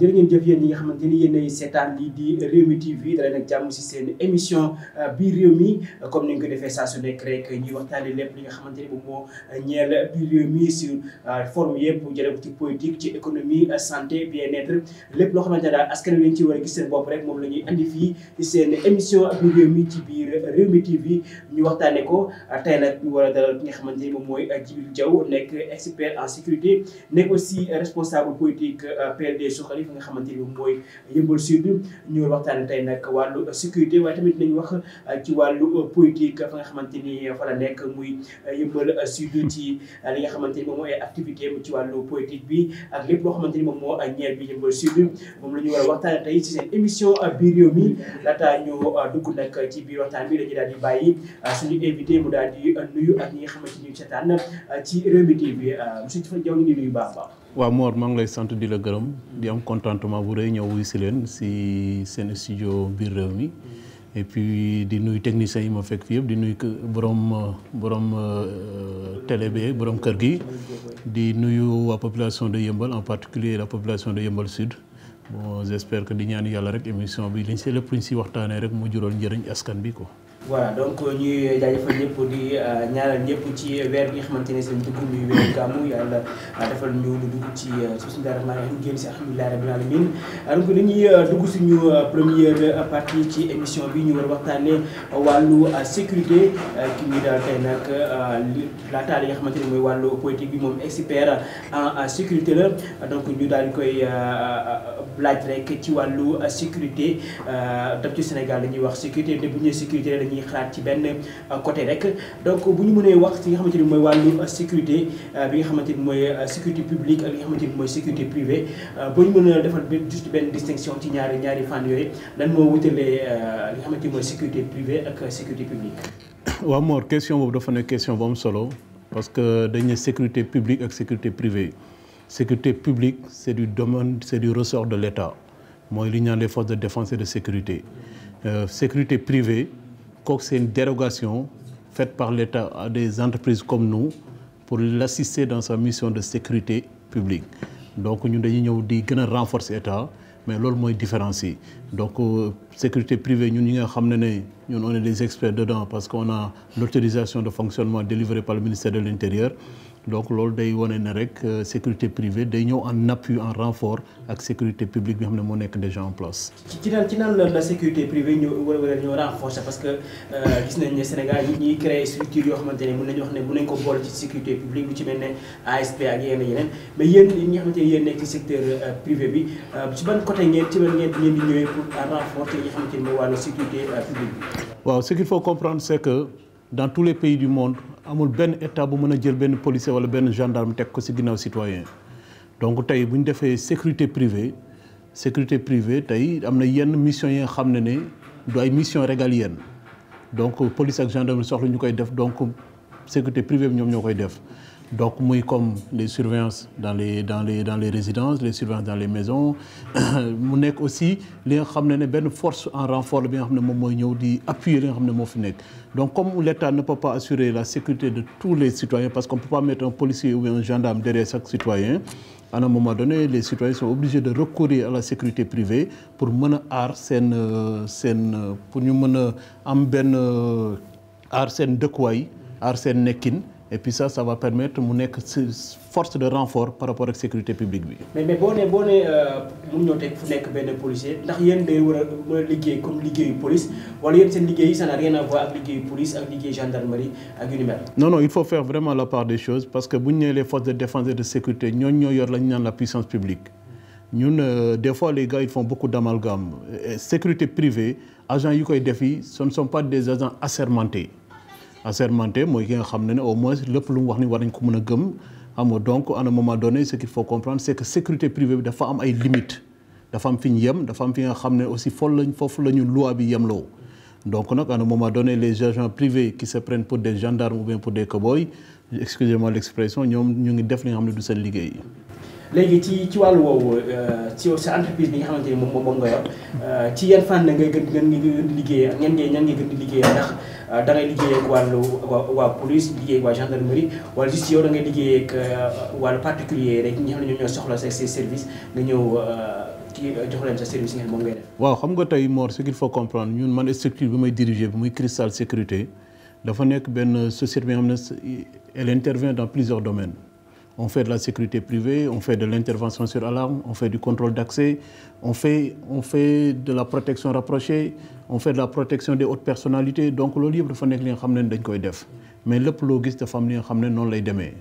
jërë jëf yéen ñi nga xamante ni yéenay seetaan lii di Rewmi TV dalee nag si seen émission euh, biir réew mi comme ni ñu ko defee saa su nekk rek ñuy lépp li nga xamante ni moom moo ñeel biir réew euh, ko ci politique ci économie euh, santé bien-être lépp loo xamante ne daal askan wi ci war a gis seen bopp rek moom la ñuy andi fii seen émission biir ci biir Rewmi TV ñu waxtaanee ko tey war a dalal ki nga xamante ni moom mooy Djibril Diaw nekk expert en sécurité nekk aussi responsable politique PLD Suxali li nga xamante ni mooy yëmbal sud ñu waxtaane tey nag wàllu sécurité waaye tamit nañ wax euh, ci wàllu euh, politique fa nga xamante ni euh, fa la nekk muy yëmbal sud ci li nga xamante ni moom mooy activité ci wàllu politique bi ak lépp loo xamante ni moom moo ñeel bi yëmbal sud moom la ñu war a waxtaane tey ci seen émission biir réew mi laata ñu dugg nag ci biir waxtaan bi dañuy daal di bàyyi suñu invité mu daal di nuyu ak ñi nga xamante ni seetaan ci Rewmi TV monsieur Diaw ñu ngi nuyu baax baax waaw Mor maa ngi lay sant di la gërëm di am contentement bu rëy ñëw wii si leen si seen studio biir réew mi et di nuyu techniciens yi ma fekk fii yëpp di nuy borom borom euh, télé bi borom kër gi di nuyu waa population de Yëmbal en particulier la population de Yëmbal Sud bon j'espère que di ñaan yàlla rek émission bi liñ si lépp luñ si waxtaanee rek mu jural njëriñ askan bi ko voilà donc ñuy fa ñëpp di euh, ñaanal ñëpp ci weer bi xamante ne seen dugg muy weeru gàmmu yàlla defal ñu lu dugg ci bismillaahi euh, rahmaani rahiim génn si alhamdulilah rabbil alamin donc dañuy euh, dugg suñu première partie ci émission bi ñu war a waxtaanee wàllu sécurité ki ñu daal tey nag laataal yi nga xamante ne mooy wàllu politique bi moom expert en sécurité la donc ñu daal di koy laaj rek ci wàllu sécurité daf ci Sénégal dañuy wax sécurité te bu sécurité dañuy. dañuy xalaat ci benn euh, côté rek donc bu ñu mënee wax ci nga xamante ni mooy wàllu euh, sécurité euh, bi nga xamante mooy sécurité publique ak li nga mooy sécurité privée bu ñu mën defal benn benn distinction ci ñaari ñaari fànn yooyu lan moo wutalee li nga xamante ni mooy sécurité privée ak sécurité publique. waaw Mor question boobu dafa nekk question bu am solo parce que dañ sécurité publique ak sécurité privée publique c' est du domaine c' du ressort de l' État mooy li ñaan naan les de défense de sécurité euh, sécurité privée. kooku seen dérogation faite par l'État à des entreprises comme nous pour l'assister dans sa mission de sécurité publique donc ñun dañuy ñëw di gën a renforcer État mais loolu mooy différence yi donc euh, sécurité privée ñun ñi nga xam ne ne ñun on est des experts dedans parce qu'on a l'autorisation de fonctionnement délivrée par le ministère de l'Intérieur donc loolu day wane ne rek euh, sécurité privée day ñëw en appui en renfort ak sécurité publique bi xam ne moo nekk déjà en place. ci naan la sécurité que euh, gis nañ ne Sénégal yi ñuy créer yoo xamante ne mën nañu wax ne ko boole ci sécurité publique lu ci mel ne ASP ak yeneen yeneen mais yéen ñi nga xamante ne yéen nekk ci secteur euh, privé bi ci ban côté ngeen ci ban ngeen di ñëwee pour renforcer yi nga xamante ne mooy wàllu sécurité publique waaw ce qu'il faut comprendre c'est que. dans tous les pays du monde amul benn état bu mën a jël benn police wala benn gendarme teg ko ci ginnaaw citoyen donc tey bu ñu defee sécurité privée sécurité privée tey am na yenn mission yi nga xam ne ne du ay mission régalienne donc police ak gendarmerie soxla ñu koy def donc sécurité privée bi ñoom ñoo koy def donc muy comme les surveillances dans les dans les dans les résidences les surveillances dans les maison mu nekk aussi li nga xam ne ne benn force en renfort bi nga xam ne moom mooy ñëw di appuyer li nga xam ne moo fi nekk donc comme l'État ne peut pas assurer la sécurité de tous les citoyens parce qu'on peut pas mettre un policier ou un gendarme derrière chaque citoyen à un moment donné les citoyens sont obligés de recourir à la sécurité privée pour mën a aar seen euh, seen euh, pour ñu mën a am benn euh, aar seen dëkkuwaay aar seen nekkin et puis ça ça va permettre mu nekk force de renfort par rapport ak sécurité publique bi. mais mais boo nee boo nee euh, mun ñoo teg fu nekk benn policier ndax yéen day war a mën liggéey comme liggéeyu police wala yéen seen liggéey ça n'a rien à voir ak liggéeyu police ak liggéeyu gendarmerie ak yu ni mel. il faut faire vraiment la part des choses parce que bu ñu nee les forces de défense et de sécurité ñooñu ñoo yor la naan la puissance publique. ñun euh, des fois les gars ils font beaucoup d'amalgame sécurité privée agents yi koy def yi ce ne des agents assermentés. assermenté mooy ki nga xam ne ne au moins lépp lu mu wax ni war nañ ko mën a gëm xam nga donc à un moment donné ce qu'il faut comprendre c'est que sécurité privée bi dafa am ay limites dafa am fi nga xam ne aussi fol lañ foofu la ñu loi bi yemloo donc nag à un moment donné les agents privés qui se prennent pour des gendarmes ou bien pour des cow-boys l'expression ñoom ñu ngi def li nga xam ne du seen liggéey léegi ci ci wàllu woowu euh, ci sa entreprise bi nga xamante ni moom moom nga yor euh, ci yan fànn ngay gën ngeen ngi gën di ñan ngay ñan ngay gën di liggéey ndax euh, da ngay liggéey wàllu waa police liggéey ak waa gendarmerie wala juste yow da liggéeyeek liggéey ak wàllu particulier rek ñi nga xam ne ñoom soxla sa ses services nga ñëw kii jox leen sa service ngeen moom ngay def. waaw xam nga tey moor ce qu'il faut comprendre ñun man structure bi may diriger bi muy Cristal Sécurité dafa nekk benn société bi nga xam ne elle intervient dans plusieurs on fait de la sécurité privée, on fait de l'intervention sur alarme, on fait du contrôle d'accès, on fait, on fait de la protection rapprochée, on fait de la protection des hautes personnalités. Donc, yëpp dafa il li nga xam ne dañ koy def mais lépp loo gis dafa am li nga xam ne noonu lay demee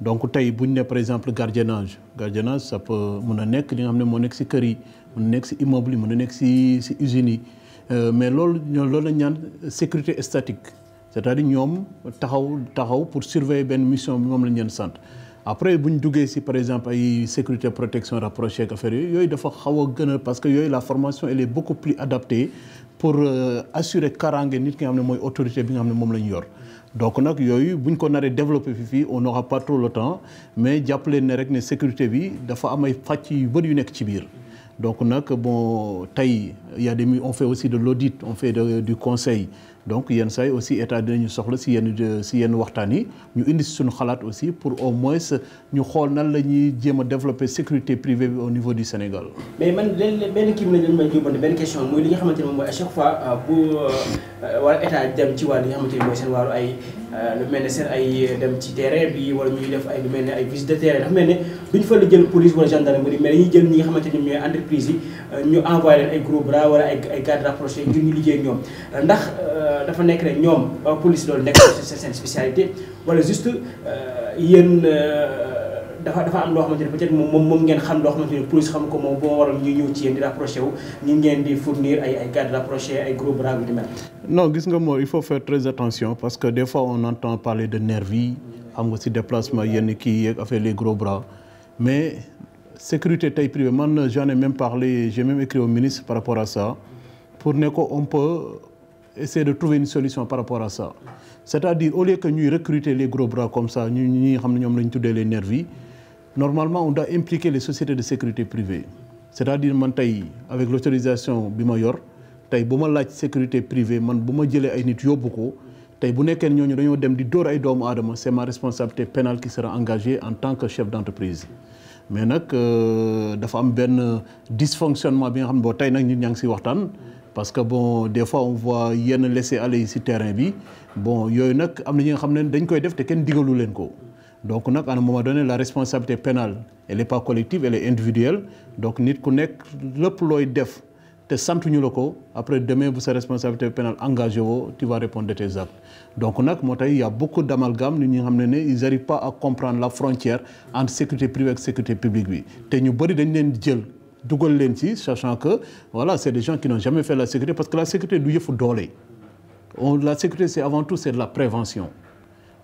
donc tey bu ñu ne par exemple gardiennage gardiennage sa peut mën a nekk li nga xam ne moo nekk si kër yi mën a nekk si immeuble yi mën a nekk si si usines yi euh, mais loolu loolu lañ naan sécurité statique c'est-à-dire ñoom taxaw pour surveiller benn mission bi moom lañ leen sant après bu ñu duggee si par exemple ay sécurité protection rapprochée ak affaire yooyu yooyu dafa xaw a gën parce que yooyu la formation elle est beaucoup plus adaptée pour euh, assurer karange nit ki nga xam ne mooy autorité bi nga xam ne moom lañu ñu yor. donc nag yooyu bu ñu ko naree développé fi fii on n'aura pas trop le temps mais jàpp leen ne rek ne sécurité bi dafa am ay pàcc yu bëri yu nekk ci biir. donc nag bon tey y a des on fait aussi de l'audit on fait du conseil donc yenn saa yi aussi état dinañu soxla si yenn si yenn waxtaan yi ñu indi si suñu xalaat aussi pour au moins ñu xool nan la ñuy jéem a développer sécurité privée au niveau du Sénégal. mais man léeg-léeg benn kii bi la ñu may benn question mooy li nga xamante ne moom mooy à chaque fois euh, bu euh, wala état dem ci wàll li nga xamante ne seen wàllu ay euh, lu mel seen ay dem ci terrain bi wala ñuy def ay lu mel ay visite de terrain dafa mel ne duñ fa la jël police wala gendarmerie entreprise yi euh, ñu envoyé leen ay gros bras wala ay ay gardes rapprochés ngir ñu liggéey ñoom euh, ndax euh, dafa nekk rek ñoom police loolu nekk seen spécialité wala juste yéen dafa dafa am loo xamante ne peut-être moom moom ngeen xam loo xamante ne police xam ko moom boo waral ñu ñëw ci yéen di rapproché wu ñu ngeen di fournir ay ay gardes rapprochés ay gros bras yu mel. non gis nga moo il faut faire très attention parce que des fois on entend parler de nervis xam nga si déplacement yenn kii yeeg affaire les gros bras mais sécurité tey privée man j'en ai même parlé j'ai même écrit au ministre par rapport à ça pour ne ko on peut essayer de trouver une solution par rapport à ça c'est-à-dire au lieu ñuy recruter les gros bras comme ça ñu ñi nga xam ne ñoom la ñu tuddee les nervis normalement on doit impliquer les sociétés de sécurité privée c'est-à-dire man tey avec l'autorisation bi ma yor tey bu ma laaj sécurité privée man bu ma jëlee ay nit yóbbu ko tey bu nekkee ñooñu dañoo dem di dóor ay doomu aadama c'est ma responsabilité pénale qui sera engagée en tant que mais nag euh, dafa am benn dysfonctionnement bi nga xam ne boo tey nag nit ñaa ngi si waxtaan parce que bon des fois on voit yenn laisser aller yi si terrain bi bon yooyu nag am na ñu nga xam ne dañ koy def te kenn digalu leen ko donc nag à un moment donné la responsabilité pénal elle est pas collective elle est individuelle donc nit ku nekk lépp looy def te santuñu la ko après demain bu sa responsabilité pénale engagé woo tu vas répondre de tes actes donc nag moo tax y a beaucoup d'amalgame nit ñi nga xam ne ne ils arrivent pas à comprendre la frontière entre sécurité privée ak sécurité publique bi te ñu bëri dañ leen jël dugal leen ci sachant que voilà c'est des gens qui n'ont jamais fait la sécurité parce que la sécurité du yëfu doole la sécurité c'est avant tout c'est de la prévention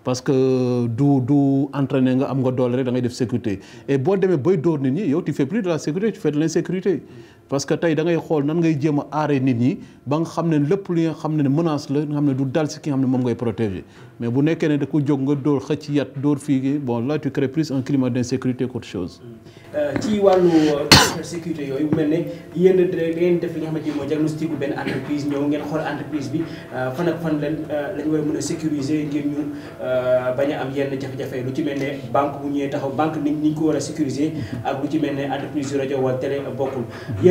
parce que du du entraîné nga am nga doole rek da ngay def sécurité et boo demee bay dóor nit yow tu fais plus de la parce que tey da ngay xool nan ngay jéem a aare nit ñi ba nga xam ne lépp li nga xam ne menace la nga xam ne du dal si kii nga xam ne moom ngay protéger mais bu nekkee ne da ko jóg nga dóor xëcc yat dóor fii bon là tu crées plus un climat d' insécurité qu' autre chose. Euh, ci wàllu euh, sécurité yooyu bu mel ne yéen da ngeen def li nga xamante ni mooy diagnostic bu benn entreprise ñëw ngeen xool entreprise bi euh, fan ak fan lañ lañ war a mën a sécuriser ngir ñu bañ am yenn jafe-jafe lu ci mel ne banque bu ñëwee taxaw banque ni ñu ko war a sécuriser ak lu ci me ne entreprise yu rajo wala télé bokkul.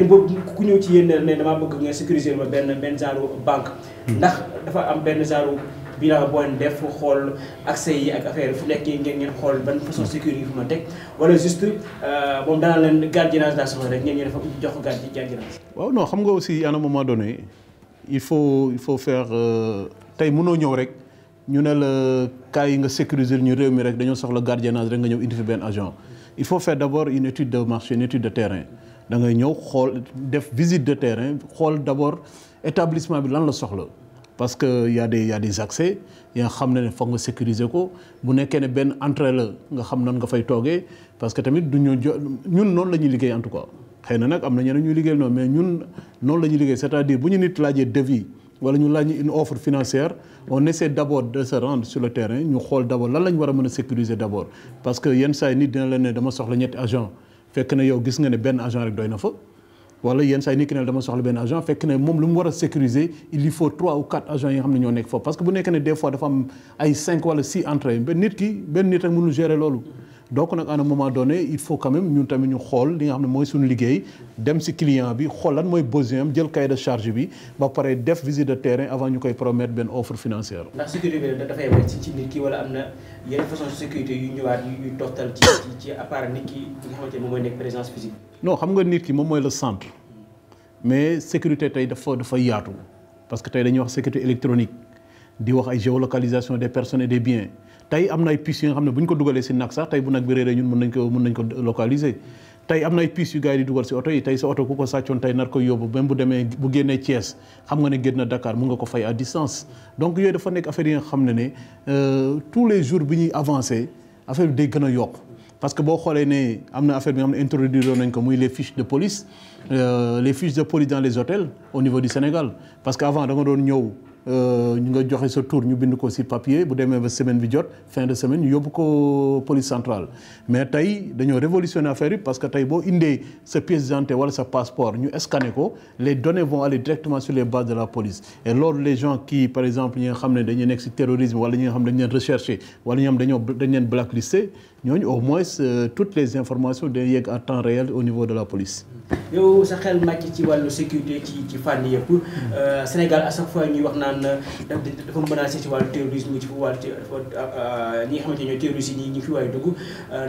yéen boobu ku ñëw ci yéen ne damaa bëgg nga sécuriser ma benn benn genre banque. Hmm. ndax dafa am benn genre bilan boo leen def xool accès yi ak affaire fu nekk ngeen ngeen xool ban façon sécurité fu ma teg wala juste euh, moom dana leen gardiennage daa soxla rek ngeen ñu dafa jox gardiennage. waaw non xam nga aussi à un moment donné il faut il faut faire euh, tey mënoo ñëw rek. ñu ne la cas yi nga sécuriser ñu réew mi rek dañoo soxla gardiennage rek nga ñëw indi fi benn agent il faut faire d'abord une étude de de terrain da ngay ñëw xool def visite de terrain xool d'abord établissement bi lan la soxla parce que y a des y a yaa xam ne ne foog nga sécuriser ko bu nekkee ne benn entrée la nga xam nan nga fay toogee parce que tamit du ñu jo ñun noonu la ñuy liggéey en tout na nag am na ñeneen ñuy liggéey noonu mais ñun noonu la ñuy liggéey c'est-à-dire bu ñu nit laajee devis wala ñu laaj une offre financière on essaie d'abord de se rendre sur le terrain ñu xool d'abord lan la ñu war a mën a sécuriser d'abord parce que yenn saa yi nit dina leen soxla ñetti agent fekk na yow gis nga ne benn agent rek doy na fa wala yenn saa yi nekk ne dama soxla benn agent fekk ne moom lu mu war a sécuriser il faut trois ou quatre agents yi nga xam ne ñoo nekk foofu parce que bu nekkee ne des fois dafa am ay cinq wala six entrées ba nit ki benn nit rek mënul gérer loolu donc nag à un moment donné il faut quand même ñun tamit ñu xool li nga xam ne mooy suñu liggéey dem si client bi xool lan mooy besoin am jël cahier de charge bi ba pare def visite de terrain avant ñu koy promettre benn offre financière. ndax sécurité bi dafay yem ci nit ki wala am na yenn façon sécurité yu ñëwaat yu toftal ci ci à nit ki nga nekk présence physique. non xam nga nit ki moom mooy la centre mais sécurité tey dafa dafa yaatu parce que tey dañuy wax sécurité électronique di wax ay géolocalisation des personnes des biens. tey am na ay puces yi nga xam ne bu ñu ko dugalee si nag sax tey bu nag bi réeree ñun mën nañ ko mën nañ ko localiser tey am na ay puces yu gars yi di dugal si oto yi tey sa oto ku ko sàccoon tey nar ko yóbbu même bu demee bu génnee Thiès xam nga ne génn na Dakar mun nga ko fay à distance donc yooyu dafa nekk affaire yi nga xam ne ne euh, tous les jours bi ñuy avancé affaire bi day gën a yokk parce que boo xoolee ne am na affaire bi nga xam ne introduire nañ ko muy les fiches de police euh, les fiches de police dans au niveau du Sénégal parce que avant da doon ñëw ñu euh, nga joxe sa tour ñu bind ko si papier bu demee ba semaine bi jot fin de semaine ñu yóbbu ko police centrale mais tey dañoo révolutionner affaire yi parce que tey boo indee sa pièce d'identité wala sa passeport ñu scanné ko les données vont aller directement sur les bases de la police et loolu les gens qui par exemple ñi nga xam ne dañuy nekk si terrorisme wala ñu nga xam ne dañu leen recherché wala ñi xam dañoo dañ leen blacklisté ñooñu au moins euh, toutes les informations day yegg à temps réel au niveau de la police. yow sa xel màcc ci wàllu sécurité ci ci fànn yëpp. Hmm. Euh, Sénégal à chaque fois ñuy wax naan euh, dafa menacé ci wàllu terrorisme ci wàllu ñi nga xamante ne terroristes yi ñu ngi fi waay dugg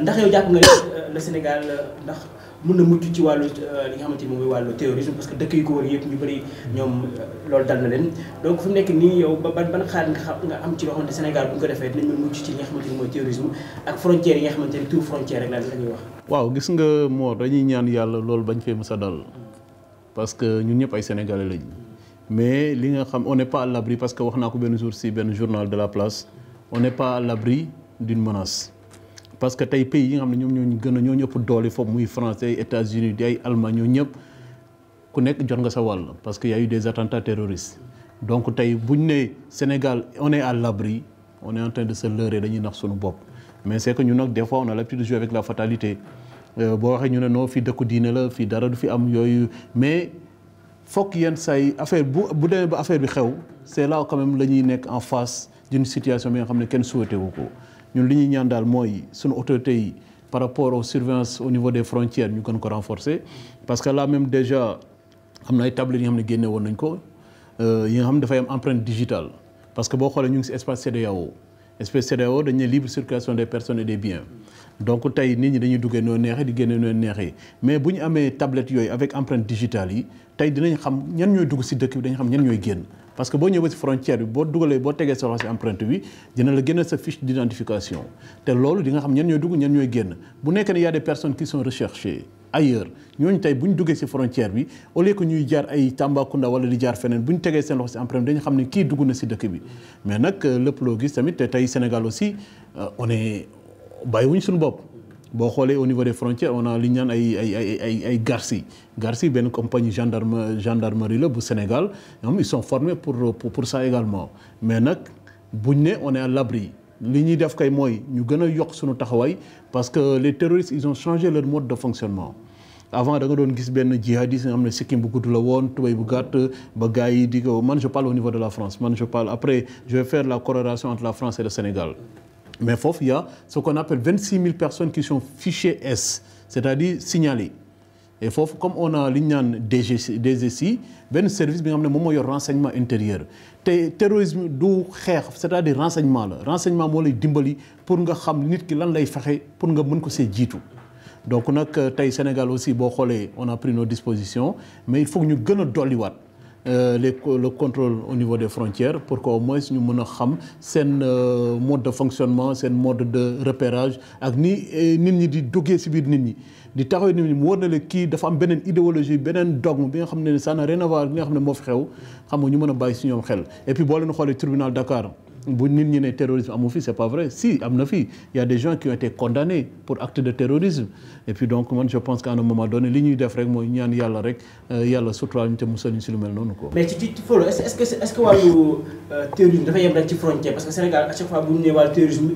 ndax yow jàpp nga le Sénégal ndax. mun na mucc ci wàllu euh, li nga xamante ni moom wàllu terrorisme parce que dëkk yu ko wër yëpp ñu bëri ñoom euh, loolu dal na leen donc fu mu nekk nii yow ba ban ban xaar nga am ci loo xamante Sénégal bu nga ko defee dinañ mën ci li nga xamante ni mooy nga xamante ni tout frontière rek wax. waaw gis nga moo dañuy ñaan yàlla lool bañ fee mës a dal parce que ñun ñëpp ay sénégalais lañ mais li nga xam on n'est pas à l'abri parce que wax naa ko benn jour benn journal de la place on n'est pas à l'abri d'une menace. parce que tey pays yi nga xam ne ñoom ñoo ñu gën a ñoo ñëpp doole foofu muy France ay États-Unis di ay Allemagne ñoo ñëpp ku nekk jot nga sa wàll parce que y a eu des attentats terroristes donc tey bu ñu nee Sénégal on est à l'abri on est en train de se leurrer dañuy nax suñu bopp mais c'est que ñun nag des fois on a l'habitude de jouer avec la fatalité euh, boo waxee ñu ne noo fii dëkku diine la fii dara du fi am yooyu mais fokk yenn say affaire bu bu demee ba affaire bi xew c'est là quand la ñuy nekk en face d'une situation bi nga xam ne kenn souhaité wu ko ñun li ñuy ñaan daal mooy suñu autorités yi par rapport aux surveillances au niveau des frontières ñu gën ko renforcer parce que là même déjà am na ay tablettes yi nga xam ne génne woon nañ ko euh, yi nga xam ne dafay am empreinte digitale parce que boo xoolee ñu ngi si espace CEDEAO espace CEDEAO dañ des personnes et des nit ñi dañuy duggee noo neexee di génne noo neexee mais bu ñu amee yooyu avec empreinte digitale yi tey dinañ xam ñan ñooy dugg si dëkk bi dañ xam ñan ñooy génn parce que boo ñëwee si frontière bi boo dugalee boo tegee sa loxo si empreinte bi dina la génne sa fiche d' te loolu di nga xam ñan ñooy dugg ñan ñooy génn bu nekk ne y a des personnes qui sont recherchées ailleurs ñooñu tey bu duggee si frontière bi au lieu que ñuy jaar ay Tambacounda wala di jaar feneen bu ñu tegee seen loxo si empreinte dañu xam ne kii dugg na si dëkk bi mais nag euh, lépp loo gis tamit te tey Sénégal aussi euh, on est bàyyiwuñ suñu bopp. boo xoolee au niveau des frontières on a li ñu ay ay ay ay ay Garci Garci benn compagnie gendarme gendarmerie la bu Sénégal ñoom ils sont formés pour pour ça également mais nag buñ ne on est à l'abri li ñuy def kay mooy ñu gën a yokk suñu taxawaay parce que les terroristes ils ont changé leur mode de fonctionnement avant da doon gis benn jihadiste nga xam ne sikkim bu gudd la woon tubéy bu gàtt ba gars yi di ko man je parle au la France man je parle après je vais faire la corrélation entre Mais foofu yaa y a ce qu'on appelle 26 000 personnes qui sont fichées S, c'est-à-dire signalées. et foofu comme on a li ñu naan DG DGSI benn service bi nga xam ne moom moo yor renseignement intérieur te terrorisme du xeex cest à di renseignement la renseignement moo lay dimbali pour nga xam nit ki lan lay fexe pour nga mën ko see jiitu. donc nag tey Sénégal aussi boo xoolee on a pris nos dispositions mais il faut ñu gën a dolliwaat. Euh, les le contrôle au niveau des frontières pour que au moins ñu mën a xam seen euh, mode de fonctionnement seen mode de repérage ak ni eh, nit ñi di duggee ci biir nit ñi. di taxaw nit ñi mu wóor na la kii dafa am beneen idéologie beneen dogme bi nga xam ne ça n'a rien à voir li nga xam ne moo fi xew xam nga ñu mën a bàyyi ci ñoom xel et puis boo leen xoolee tribunal Dakar. bu nit ñi ne terrorisme amu fi c'est pas vrai si am na fi il a des gens qui ont été condamnés pour acte de terrorisme et donc je pense qu'à un moment donné li ñuy def rek mooy ñaan yàlla rek euh, yàlla suturaal ñu te musal ñu si lu mel noonu quoi. mais ci ci fóolu est-ce que est-ce que wàllu euh, terrorisme dafa yem rek ci frontière parce que Sénégal à chaque fois bu ñu nee wàllu terrorisme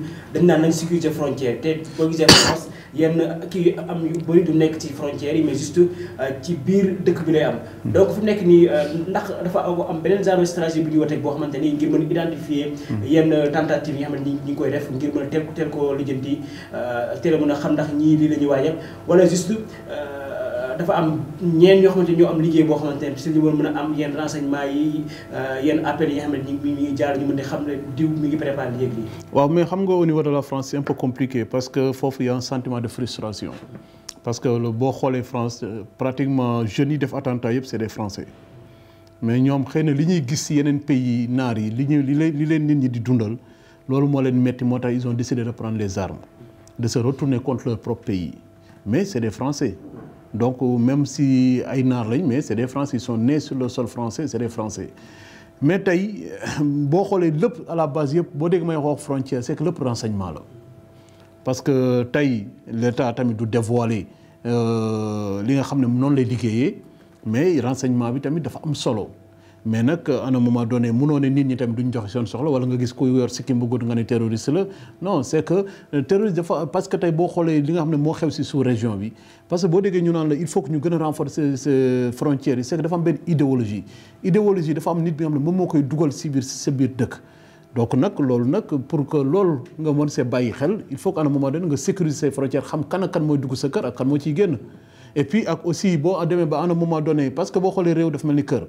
yenn kii am yu bëri du nekk ci frontières yi mais juste euh, ci biir dëkk bi lay am. Hmm. donc fu nekk nii euh, ndax dafa am beneen genre stratégie bu ñuy wote boo xamante ni ngir mën identifier. Hmm. yenn tentative yi nga xam ne ñu ngi koy def ngir mën a teel teel koo lijjanti euh, teel a mën a xam ndax ñii lii la ñuy waajal wala juste. dafa am ñeen ñoo xamante ñoo am liggéey boo xamante ne si li mën a am yenn renseignement euh, xam ngi jaar ñu mën a xam ne diw mi ngi préparé léegi lii waaw mais xam nga au niveau de la France c'est un peu compliqué parce que foofu y a un sentiment de frustration parce que boo xoolee France euh, pratiquement jeune yi def attentat yëpp c'est des Français mais ñoom xëy na li ñuy gis ci yeneen pays naar yi li ñuy li leen li leen nit ñi di dundal loolu moo leen metti moo tax ils ont décidé de prendre les armes des Français donc même si ay naar lañ mais c'est des français ils sont nés sur le sol français c'est des français mais tey boo xoolee lépp à la base yëpp boo dégg may wax frontière c'est que renseignement la parce que tey l'État tamit du dévoiler euh, li nga xam ne noonu lay liggéeyee mais renseignement bi tamit dafa am solo mais nag euh, à un moment donné munoo ne nit ñi tamit duñ joxe seen soxla wala nga gis ku yor sikkim bu nga ne terroriste la non c'est que euh, terroriste dafa parce que tey boo xoolee li nga xam ne moo xew si sous région bi parce que boo déggee ñu naan la il faut que ñu gën a renforcer frontières yi c'est que dafa am benn idéologie idéologie dafa am nit bi nga xam ne moom moo koy dugal si biir sa biir dëkk donc nag loolu nag pour que loolu nga mën see bàyyi xel il faut qu'à un moment donné kan ak kan mooy dugg sa génn et boo demee ba à parce que boo xoolee réew dafa mel ni kër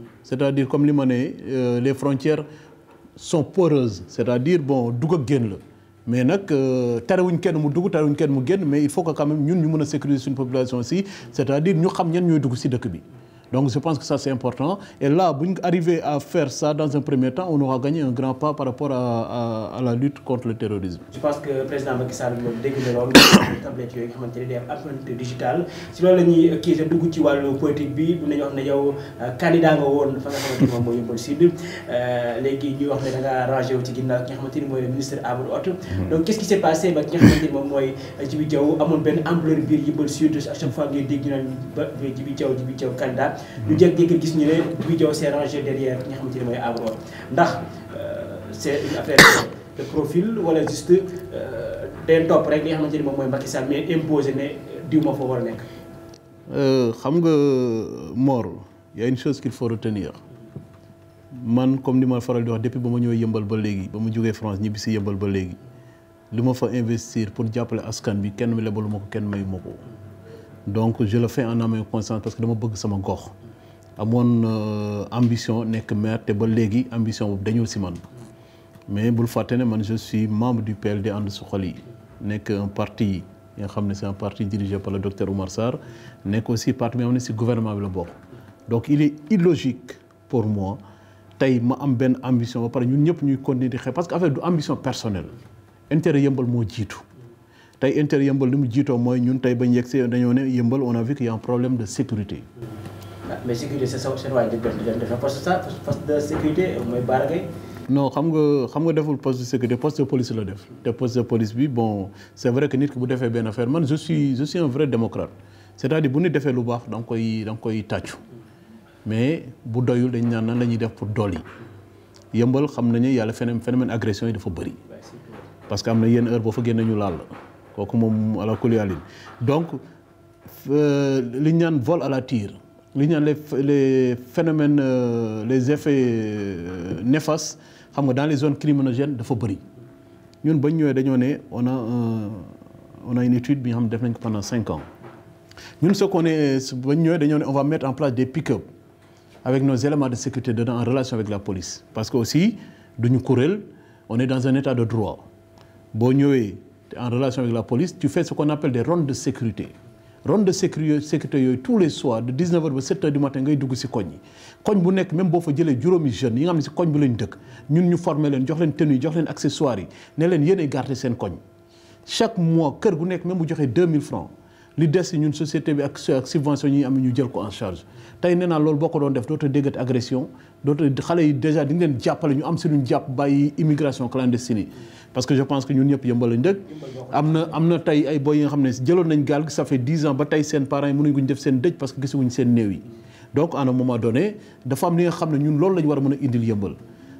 c'est-à-dire comme li ma ne euh, les frontières sont poreuses c'est-à-dire bon dugg ak génn la mais nag euh, terewuñ kenn mu dugg terewuñ kenn mu génn mais il faut que quand ñun ñu mën a sécuriser suñu population si c'est-à-dire ñu xam ñan ñooy dugg si dëkk bi Donc je pense que ça c'est important. Et là, si arriver à faire ça dans un premier temps, on aura gagné un grand pas par rapport à, la lutte contre le terrorisme. Je pense que président Macky Sall moom dégg na loolu nga xamante ne si loolu la ñuy kii sa dugg ci wàllu politique bi mun nañu wax ne yow euh, candidat nga woon fa nga xamante moom moo yóbbal sud euh, léegi ñuy wax ne da nga wu ci ginna ki nga xamante ni mooy ministre Amadou Hott mhm. donc qu'est-ce qui s'est passé ñu jékki-jékki gis ñu ne Gouy Diaw s'est rangé derrière ki nga xamante mooy Abror ndax euh, c' est une affaire de profil wala juste euh, day topp rek li nga xamante ne moom mooy Macky Sall mais imposé ne diw ma fa war a nekk. Euh, xam nga Mor y a une chose qu'il faut retenir man comme ni ma faral di wax depuis ba ma ñëwee yëmbal ba léegi ba ma jógee France ñibbi si yëmbal ba léegi lu ma fa investir pour jàppale askan bi kenn mi lebalu ma ko kenn mayu ma ko. donc je le fais en âme et conscience parce que dama bëgg sama gox amoon euh, ambition nekk maire te ba léegi ambition boobu dañoo si man mais bul fàtte ne man je suis membre du PLD And Suxali yi nekk un parti yi nga xam ne c'est un parti dirigé par le docteur Oumar Sarr nekk aussi parti bi nga ne si gouvernement bi la bokk donc il est illogique pour moi tey ma am benn ambition ba pare ñun ñëpp ñuy continuer di xeex parce que affaire du ambition personnelle intérêt yëmbal moo jiitu tey inter yëmbal li mu jiitoo mooy ñun tey bañ yegg see dañoo ne yëmbal on a vu qu'il y a un problème de sécurité. mais de sécurité mooy barrage. non xam nga xam nga deful poste de sécurité poste de police la def te poste de police bi bon c'est vrai que nit ki bu defee benn affaire man je suis je suis un vrai démocrate c'est-à-dire bu nit defee lu baax da koy da nga koy tàccu mais bu doyul dañ naan nan la ñuy def pour dool yi yëmbal xam nañu yàlla phénomène phénomène agression yi dafa bëri parce que am na yenn heure boo fa génne laal kooku moom ala kulli allin donc euh, li ñu naan vol à la tire li ñu naan les les phénomènes euh, les effets euh, néfastes xam nga dans les zones criminogènes dafa bëri ñun bañ ñëwee dañoo ne on a on a une étude bi nga xam ne def nañ ko pendant cinq ans ñun ce qu'on est bañ ñëwee dañoo ne on va mettre en place des pick avec nos éléments de sécurité dedans en relation avec la police parce que aussi duñu kuréel on est dans un état de droit boo ñëwee en relation avec la police, tu fais ce qu'on appelle des rondes de sécurité. ronde de sécurité yooyu tous les soirs de 19h ba 7h du matin ngay dugg si koñ yi koñ bu nekk même boo fa jëlee juróomi jeunes yi nga xam ne si koñ bi lañ dëkk ñun ñu former leen jox leen tenue jox leen accessoires yi ne leen yéenay garder seen koñ chaque mois kër gu nekk même bu joxee 2000 francs li des ñun société bi ak subvention ñi am ñu jël ko en charge tey nee naa loolu boo ko doon def dootoo déggati agression dootoo xale yi déjà di ngeen jàppale ñu am si luñ jàpp bàyyi immigration clandestine yi parce que je pense que ñun ñëpp yëmbal lañ dëkk am na am na tey ay boy yi nga xam ne jëloon nañ gaal gi ça fait dix ans ba tey seen parents yi mënuñ ko ñu def seen dëj parce que gisuwuñ seen néew yi donc à un moment donné dafa am li nga xam ne ñun loolu lañ war a mën a indil yëmbal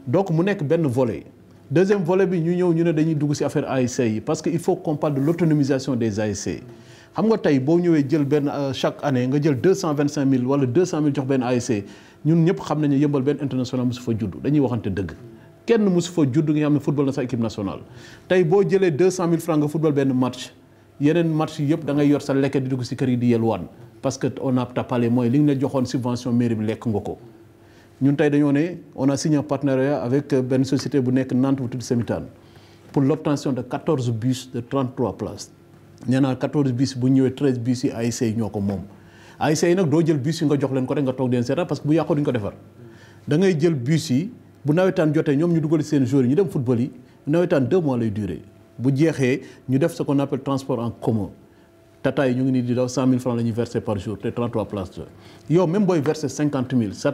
donc mu nekk benn volet deuxième volet bi ñu ñëw ñu ne dañuy dugg si affaire ASC yi que il faut qu'on parle xam nga tey boo ñëwee jël benn euh, chaque année nga jël deux cent vingt cinq mille wala deux cent mille jox benn ASC ñun ñëpp xam nañu yëmbal benn international mosu fa judd dañuy waxante dëgg kenn su fa judd nga xam ne football na sa équipe nationale tey boo jëlee deux cent mille francs nga football benn match yeneen match yëpp da ngay yor sa lekk di dugg si kër yi di yelwaan parce que on a tapalé mooy li nga joxoon subvention mairie bi lekk nga ko ñun tey dañoo ne on a signé un partenariat avec euh, benn société bu nekk Nantes bu tudd Semitaan pour l'obtention de quatorze bus de nee naa 14 bis bu ñëwee 13 bis yi ASC ñoo ko moom ASC yi nag doo jël bis yi nga jox leen ko rek nga toog deen seetaan parce que bu yàqoo duñ ko defar da jël bis yi bu nawetaan jotee ñoom ñu dugal seen joueurs yi ñu dem football yi nawetaan deux mois lay durer bu jeexee ñu def ce qu'on appelle transport en commun tata ñu ngi nii di daw 100000 francs la ñuy versé par jour te 33 places la yow même booy versé 50 000 ça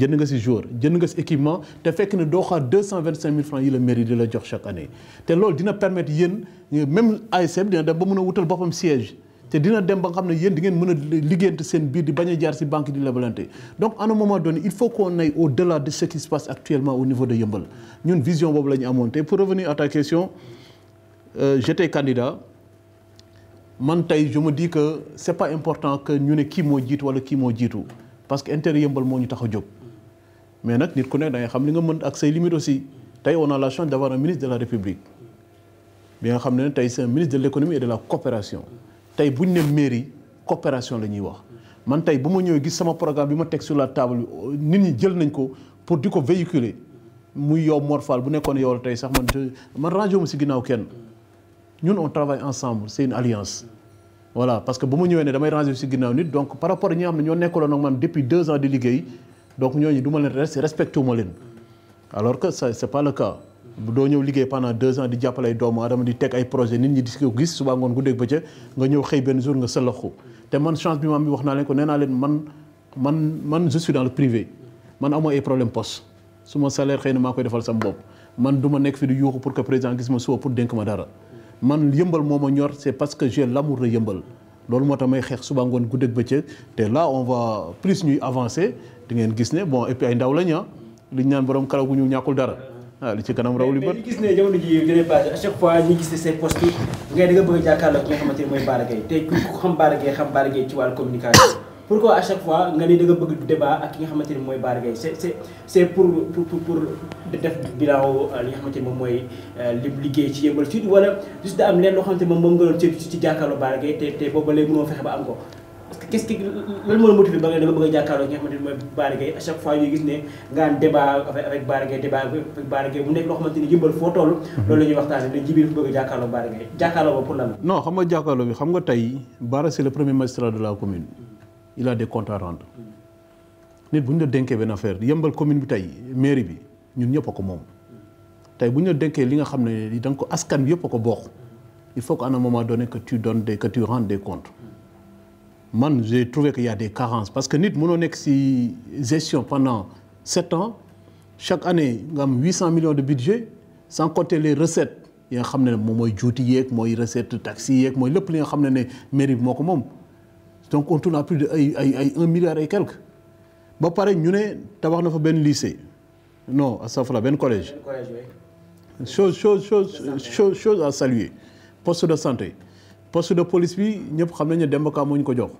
jënd nga si jour jënd nga si équipement te fekk ne doo xaar deux cent vingt cinq mille francs yi la mairie di la jox chaque année te loolu dina permettre yéen même ASM dina dem ba mën a wutal boppam siège te dina dem ba nga xam ne yéen di ngeen mën a liggéeyante seen biir di bañ a jaar si banque di lebalante donc à un moment donné il faut qu'on aille au delà de ce qui se passe actuellement au niveau de Yeumbeul ñun vision boobu la amoon te pour revenir euh, man tey je me dis que important ñu ne kii moo jiitu kii moo jiitu parce que intérêt Yeumbeul moo ñu tax jóg mais nag nit ku ne da xam li nga mën ak say limites aussi tey on a la chance d'avoir un ministre de la République bi nga xam ne tey c'est un ministre de l'économie et de la coopération tey bu buñ ne mairie coopération la ñuy wax man tey bu ma ñëwee gis sama programme bi ma teg sur la table nit ñi jël nañ ko pour di ko véhiculer muy yow Mor Fall bu nekkoon yow la tey sax man man rajo ma si ginnaaw kenn ñun on travaille ensemble c'est une alliance voilà parce que bu ma ñëwee donc ñooñu duma ma leen respecté wu ma leen alors que ça c'est pas le cas doo ñëw liggéey pendant deux ans di jàppale ay doomu aadama di teg ay projet nit ñi di ko gis suba ngoon guddeeg bëccëg nga ñëw xëy benn jour nga sëlaxu te man chance bi ma am bi wax naa leen ko nee naa leen man man man je suis dans le privé man amoo ay problème poste su ma salaire xëy na maa koy defal sama bopp man du ma nekk fi di yuuxu pour que président gis ma suba pour dénk ma dara man yëmbal moo ma ñor c'est parce que j'ai l'amour de yëmbal loolu moo tax may xeex suba ngoon guddeeg bëccëg te là on va ñuy avancer di ngeen gis ne bon et puis ay ndaw lañ ah li ñu naan karaw gu ñu ñàkkul dara waaw ah, li ci kanam raw li bët. gis ne jamono ji gën a chaque fois ñu gis say poste yi ngay da nga bëgg a jàkkaarloo ki nga xamante ne mooy Bara Gaye nga ne da nga ki nga xamante ne mooy Bara Gaye c'est c'est pour pour pour def bilan euh, li nga xamante ne moom mooy euh, li liggéey ci Yeumbeul Sud wala juste am leen loo xamante moom moom nga doon ci ci jàkkaarloo Bara Gaye te te boobu léegi fexe ba am ko qu'est-ce que lan moo la motivé ba nga dama bëgg a jàkkaarloo ki nga xamante ni mooy Bara Gaye chaque fois ñuy gis ne nga am débat avec Bara Gaye débat avec Bara Gaye bu nekk loo xamante ni yëmbal foo toll mhm. loolu la ñuy waxtaanee dañ jibil bëgg a jàkkaarloo Bara Gaye jàkkaarloo ba pour lan la non xam nga jàkkaarloo bi xam nga tey Bara c'est le premier magistrat de la commune il a des comptes à rendre nit bu ñu la dénkee benn affaire yëmbal commune bi tey mairie bi ñun ñëpp ko moom tey bu ñu la dénkee li nga xam ne da nga ko askan bi ko bokk il faut qu'à un moment donné que tu donnes man j'ai trouvé qu'il y a des carences parce que nit mënoo nekk ci gestion pendant sept ans chaque année nga am huit cent millions de budget sans compter les recettes yi nga xam ne moom mooy juuti yeeg mooy recette taxi yeeg mooy lépp li nga xam ne ne mairie bi moo ko moom donc on tourne à plus de ay ay ay un milliard et quelque ba pare ñu ne tabax na fa benn lycée non astafurlah benn collège chose chose chose chose chose à saluer poste de santé poste de police bi ñëpp xam nañu ne Demba Ka ñu ko jox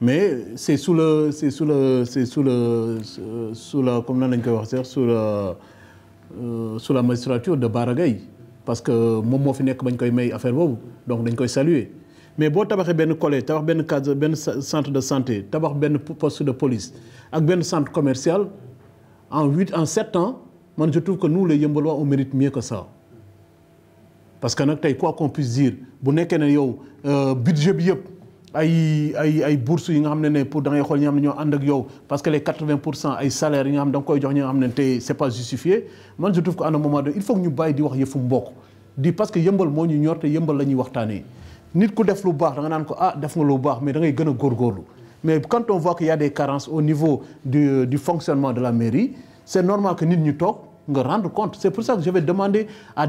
mais c' est sous le c' est sous le c' est la comme nan lañ koy wax sax su la euh, sous la magistrature de Bara Gaye parce que moom moo fi nekk bañ koy may affaire boobu donc dañ koy saluer mais boo tabaxee benn collège tabax benn case benn centre de santé tabax benn poste de police ak benn centre commercial en huit en sept ans man je trouve que nous les Yeumbelois on mérite mieux que ça. parce que nag tey quoi qu'on puisse dire bu nekkee ne yow euh, budget bi yëpp ay ay ay bourses yi nga xam ne ne pour da ngay xool ñi nga xam ne ñoo ànd ak cent ay koy jox ñi nga xam ne tey c'est pas justifié man je trouve que à un moment il faut ñu bàyyi di wax yëfu mbokk di parce que yëmbal moo ñu ñor te yëmbal la ñuy waxtaanee nit ku def lu baax da nga naan ko ah def nga lu baax mais dangay ngay gën a góorgóorlu mais quand on voit qu'il a des carences au niveau du du fonctionnement de la mairie c'est normal nit ñu toog nga rendre compte c'est pour ça que je vais demander à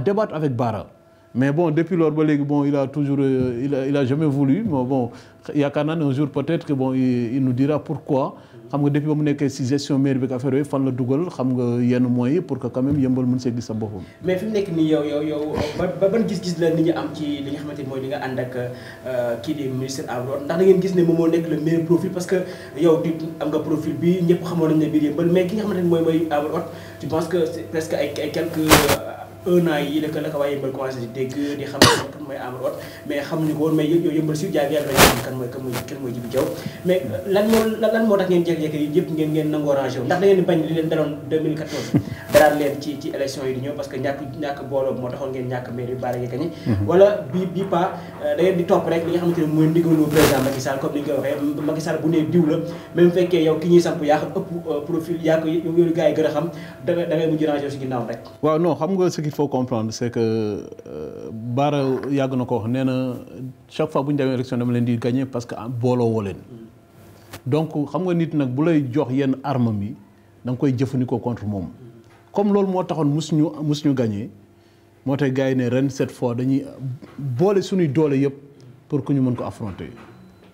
mais bon depuis lors ba léegi bon il a toujours euh, il a il a jamais voulu mais bon yaakaar naa ne un jour peut-être que bon il nous dira pourquoi. xam nga dugal xam nga yenn moyens yi pour que quand même yëmbal mën see gis sa boppam. mais fi mu nekk nii yow yow yow ba ban gis-gis la nit ñi am ci li nga xamante mooy li ànd ak euh, kii di ministre Amadou ndax da ngeen gis ne moom moo nekk le meilleur profil parce que yow di am nga profil bi ñëpp xamoon nañ ne biir yëmbal mais ki nga xamante que c'est presque ay un an yi la ko la ko waaye yëmbal commencé di dégg di xam kan mooy Amadou Hott mais xamuñu ko woon mais yëmbal si di bañ yi di ñëw parce que ñàkk ñàkk booloo moo taxoon ngeen ñàkk maire yu bari yi gañe wala bi bi pas euh, da di topp rek li nga xamante ne mooy ndigalu président Macky Sall comme ni nga waxee Macky bu nee diw la même fekkee yow ki ñuy samp yaa xam ëpp euh, profil yaa ko yow gars yi gën a xam da mujj rangé si ginnaaw rek il faut comprendre c'est que euh, Bara yàgg na ko wax nee na chaque fois bu ñu demee élection dama leen di gagner parce que booloo woo leen donc xam nga nit nag bu lay jox yenn arme mi da nga koy jëfandikoo contre moom comme loolu moo taxoon mu ñu mus ñu gagner moo tax gars ne ren cette fois dañuy boole suñuy doole yëpp pour que ñu mën ko affronter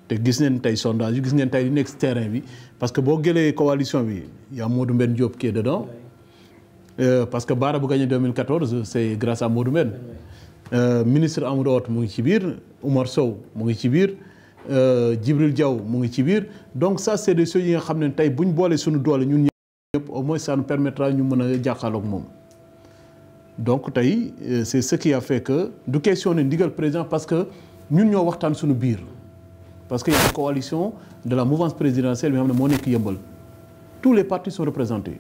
te gis neen tey sondage yi gis neen tey li nekk terrain bi parce que boo gëlee coalition bi yaa a Modou Mbène Diop qui est Euh, parce que Bara bu gagné 2014 c'est grâce à Modou Mbène euh, ministre Amadou Hott mu ngi ci biir Oumar Sow mu ngi ci biir euh, Djibril Diaw mu ngi ci biir donc sa c'est des yi nga xam ne tey bu ñu boolee suñu doole ñun ñëpp au moins ça nous ñu mën a jàkkaarloog moom donc tey euh, c'est ce qui a fait que du question ne ndigal président parce que ñun ñoo waxtaan suñu biir parce que y a coalition de la mouvance présidentielle bi nga xam ne moo nekk yëmbal tous les partis sont représentés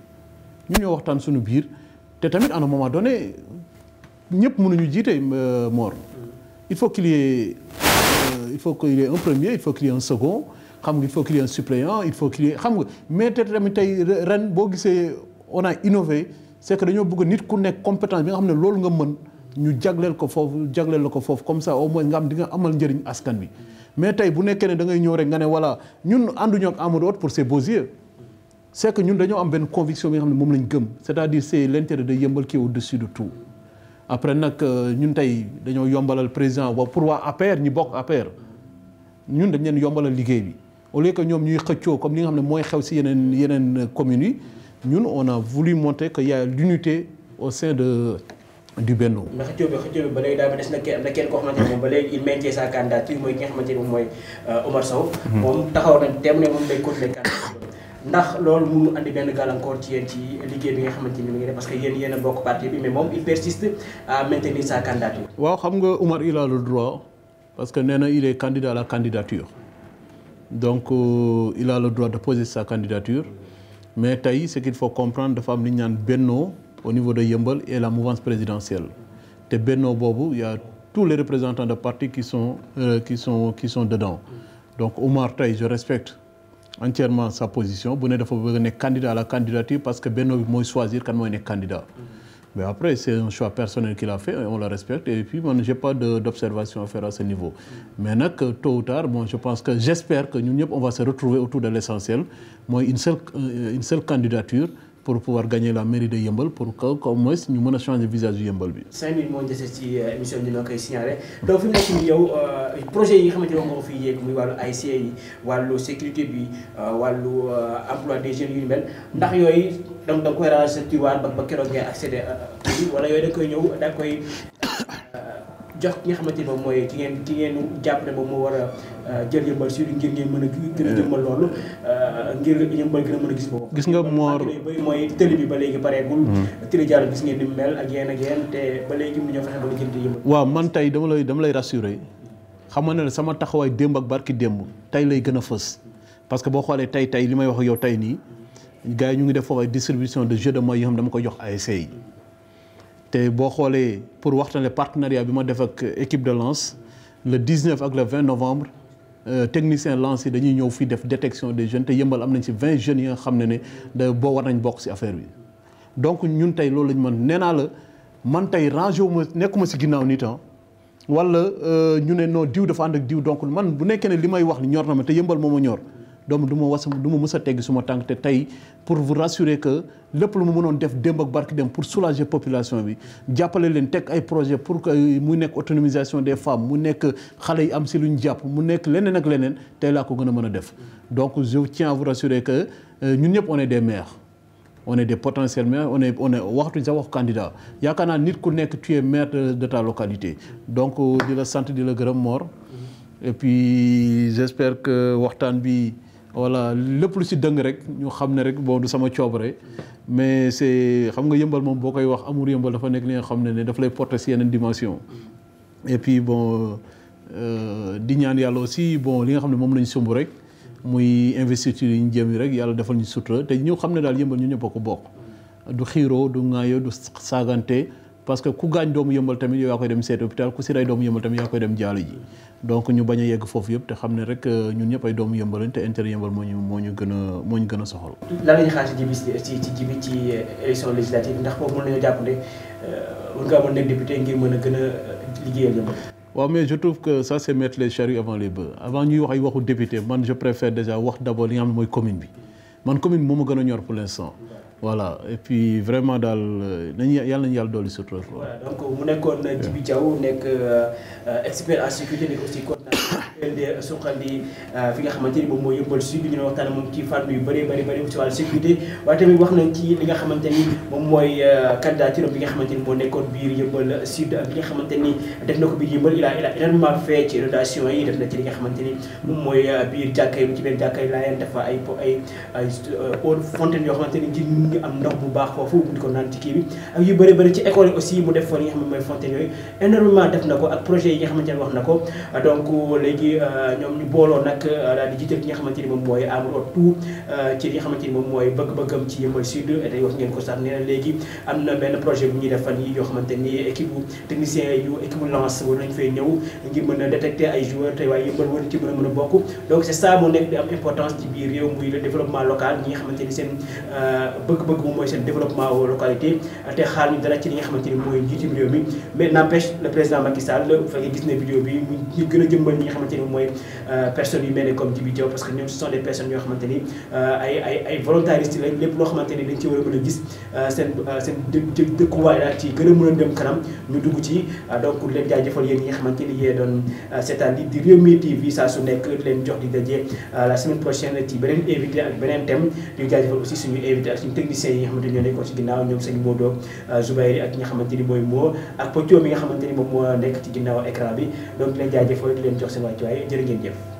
ñu ñoo waxtaan suñu biir te tamit à un moment donné ñëpp mënuñu jiite euh, Mor. il faut qu'il y ait euh, il faut un premier il faut qu'il y second xam nga il faut qu'il y ait un suppléant il faut qu'il y xam nga mais te tamit tey ren boo gisee on a innové c'est que dañoo bëgg nit ku nekk compétence bi nga xam ne loolu nga mën ñu jagleel ko foofu jagleel la ko foofu comme ça au nga xam di nga amal njëriñ askan bi mais tey bu nekkee ne da ngay ñëw rek nga ne voilà ñun ànduñoo ak Amadou Hott pour ses c'est ñun dañoo am benn conviction bi nga xam ne moom lañ gëm c'est-à-dire c'est l'intérêt de Yeumbeul qui au-dessus tout après nag euh, ñun tey dañoo yombalal président wa pour waa APR ñi bokk APR ñun dañ leen yombalal liggéey bi au lieu que ñoom ñuy xëccoo comme li nga xam ne mooy xew ci yeneen yeneen euh, communes yi ñun on a voulu montrer que y au sein de du Benno. mais xëccoo bi xëccoo bi ba léegi daal des na kenn am na kenn koo xamante ne moom ba il maintient sa candidature ndax loolu mënu andi benn gàllankoor ci yéen ci liggéey bi nga xamante ni mu ngi parce que yéen yéen a bokk parti bi mais moom il persiste à maintenir sa candidature. waaw xam nga Oumar il a le droit parce que nee na il est candidat la candidature donc euh, il a droit de poser sa candidature mais tey ce qu'il faut comprendre dafa am li ñu naan bennoo au niveau de Yëmbal et la mouvance présidentielle te bennoo boobu y a tous les représentants de parti qui sont euh, qui sont qui sont entièrement sa position bu ne dafa bëgg a nekk candidat à la candidature parce que Benno bi mooy choisir kan mooy nekk candidat. Mm-hmm. mais après c'est un choix personnel qu'il a fait on le respecte et puis man j'ai pas de d'observation à faire à ce niveau mm-hmm. mais nag tôt ou tard bon je pense que j'espère que ñun ñëpp on va se retrouver autour de l'essentiel mooy une seule euh, une seule candidature pour pouvoir gagner la mairie de Yeumbeul pour que au moins ñu mën a changer visage yu Yeumbeul bi. 5 minutes moo dese ci euh, émission bi ñu koy signalé donc fi nekk nii yow euh, projet yi nga xamante ne moom moo fi yéeg muy wàllu ASC yi wàllu sécurité bi euh, wàllu emploi des jeunes yu ni mel ndax yooyu donc da nga koy ranger sa tiroir ba ba keroog ngay accéder wala yooyu da koy ñëw da koy. jox ki nga xamante ni mooy ci ngeen ki ngeen jàpp ne moom moo war a euh, jël yëmbal si ngir ngeen mën a gën a euh, ngir yëmbal gën gis boobu gis nga moor bëri mooy tëli bi ba léegi pareegul mm-hmm. tëli jàll gis ngeen ni mu mel ak yéen ak yéen te ba léegi mu ñoo fexe ba man tey dama lay dama lay rassuré xam nga ne sama taxawaay démb ak barki démb tey lay gën a fës parce que boo xoolee tey tey li may wax yow tey nii gars ñu ngi def foofu ay distribution de jeux de mots yoo dama ko jox ASC yi te boo xoolee pour waxtaane partenariat bi ma def ak équipe de lance le 19 ak le 20 novembre euh, technicien lance yi dañuy ñëw fii def détection des jeunes te yëmbal am nañ ci 20 jeunes yi xam ne ne da boo war nañ bokk ci affaire bi donc ñun tey loolu lañ mën nee naa la man tey rangé wu ma nekkuma ci ginnaaw nit ah wala euh, ñu ne non diw dafa ànd ak diw donc man bu nekkee ne li may wax ñor na ma te yëmbal moo ma ñor donc du ma was du ma mës a teggi suma tànk te tey pour vous rassurer que lépp lu mu mënoon def démb ak barki dem pour soulager population bi jàppale leen teg ay projet pour que mu nekk autonomisation des femmes mu nekk xale yi am si lu ñu jàpp mu nekk leneen ak leneen tey laa ko gën a mën a def donc je tiens à vous rassurer que euh, ñun ñëpp one est des maires on est des potentiels maires on est on est waxtuñ sax wax candidat yaakaar naa nit ku nekk tu es maire de ta localité donc euh, la sant di la gërëm Mor et puis j'espère waxtaan bi voilà lépp lu si dëng rek ñu xam ne rek boo du sama coobare mais c'est xam nga yëmbal moom boo koy wax amul yëmbal dafa nekk li nga xam ne ne daf lay porter si yeneen dimension et puis bon euh, di ñaan yàlla aussi bon li nga xam ne moom lañ sumb rek muy investiture yi ñu yi rek yàlla defal ñu sutura te ñu xam ne daal yëmbal ñu ñëpp a ko bokk du xiiroo du ŋaayoo du saagante parce que ku gaañ doomu yëmbal tamit yaa koy dem seet hôpital ku si rey doomu yëmbal tamit yaa koy dem jaalo ji donc ñu bañ a yegg foofu yëpp te xam ne rek euh, ñun ñëpp ay doomu yëmbal lañ te intérêt yëmbal moo ñu moo ñu gën a moo a soxal. lan la ñuy xaar ci jibi ci ci jibi ci euh, élection législative euh, yëmbal. waaw mais je trouve que ça c'est mettre les charrues avant les bœufs avant ñuy wax ay waxu député man je préfère déjà wax d'abord li nga xam ne mooy commune bi man commune bi moo ma gën a ñor pour l'instant voilà et puis vraiment daal euh, nañu yàlla nañu yàlla dolli sutura quoi. donc mu nekkoon Djibi Diaw nekk euh, euh, expert en sécurité nekk aussi coordinateur suqali fi nga xamante ni moom mooy yëmbal sud bi ñu waxtaan yu bëri bëri ci wàllu sécurité waaye tamit wax nañ ci li nga xamante ni moom mooy candidature bi nga xamante ni moo nekkoon biir yëmbal sud ak li nga xamante ni def na ko biir yëmbal il a il a ci relation yi def na ci li nga xamante ni moom mooy biir jàkka yi ci benn jàkka yi laayeen dafa ay ay ay fontaine yoo xamante ni ñu am ndox bu baax foofu bu ñu ko naan ci kii def na ko ak projet yi na ko donc léegi euh, ñoom ñu booloo ni euh, moom mooy Amadou tout euh, ci li moom mooy bëgg-bëggam ci mooy sud day wax ngeen ko sax nee na léegi am na benn projet bu ñuy def fan yi yoo équipe technicien yu équipe lance war ñëw ngir mën a détecter ay joueurs te waaye yëmbal war ci mën a mën a bokk donc c'est ça moo nekk di am importance ci biir réew muy le développement local ñi seen bëgg-bëgg mooy seen développement aux localités te xaar ñu dara ci li nga mooy njiitum réew mi mais n'empêche le président Macky Sall bu fekkee gis na vidéo bi mu ñu gën a jëmbal mooy euh, personnes yu mel ne comme Djibi parce que ñoom ce sont des personnes yoo euh, ay ay ay volontaristes lépp loo xamante ni ci war a mën euh, ci gën a dem kanam ñu dugg ci donc leen jaajëfal yéen ñi nga xamante doon seetaan li di Rewmi TV saa techniciens yi nga xamante ñoo nekkoon ci ginnaaw ñoom sëñ Modou euh, Zoubairi ak ñi xamante ni mooy moo ak Pothio mi nga xamante ni moom moo nekk ci ginnaaw écran bi donc di leen jaajëfal di leen jox seen wàccuwaay jërë ngeen jëf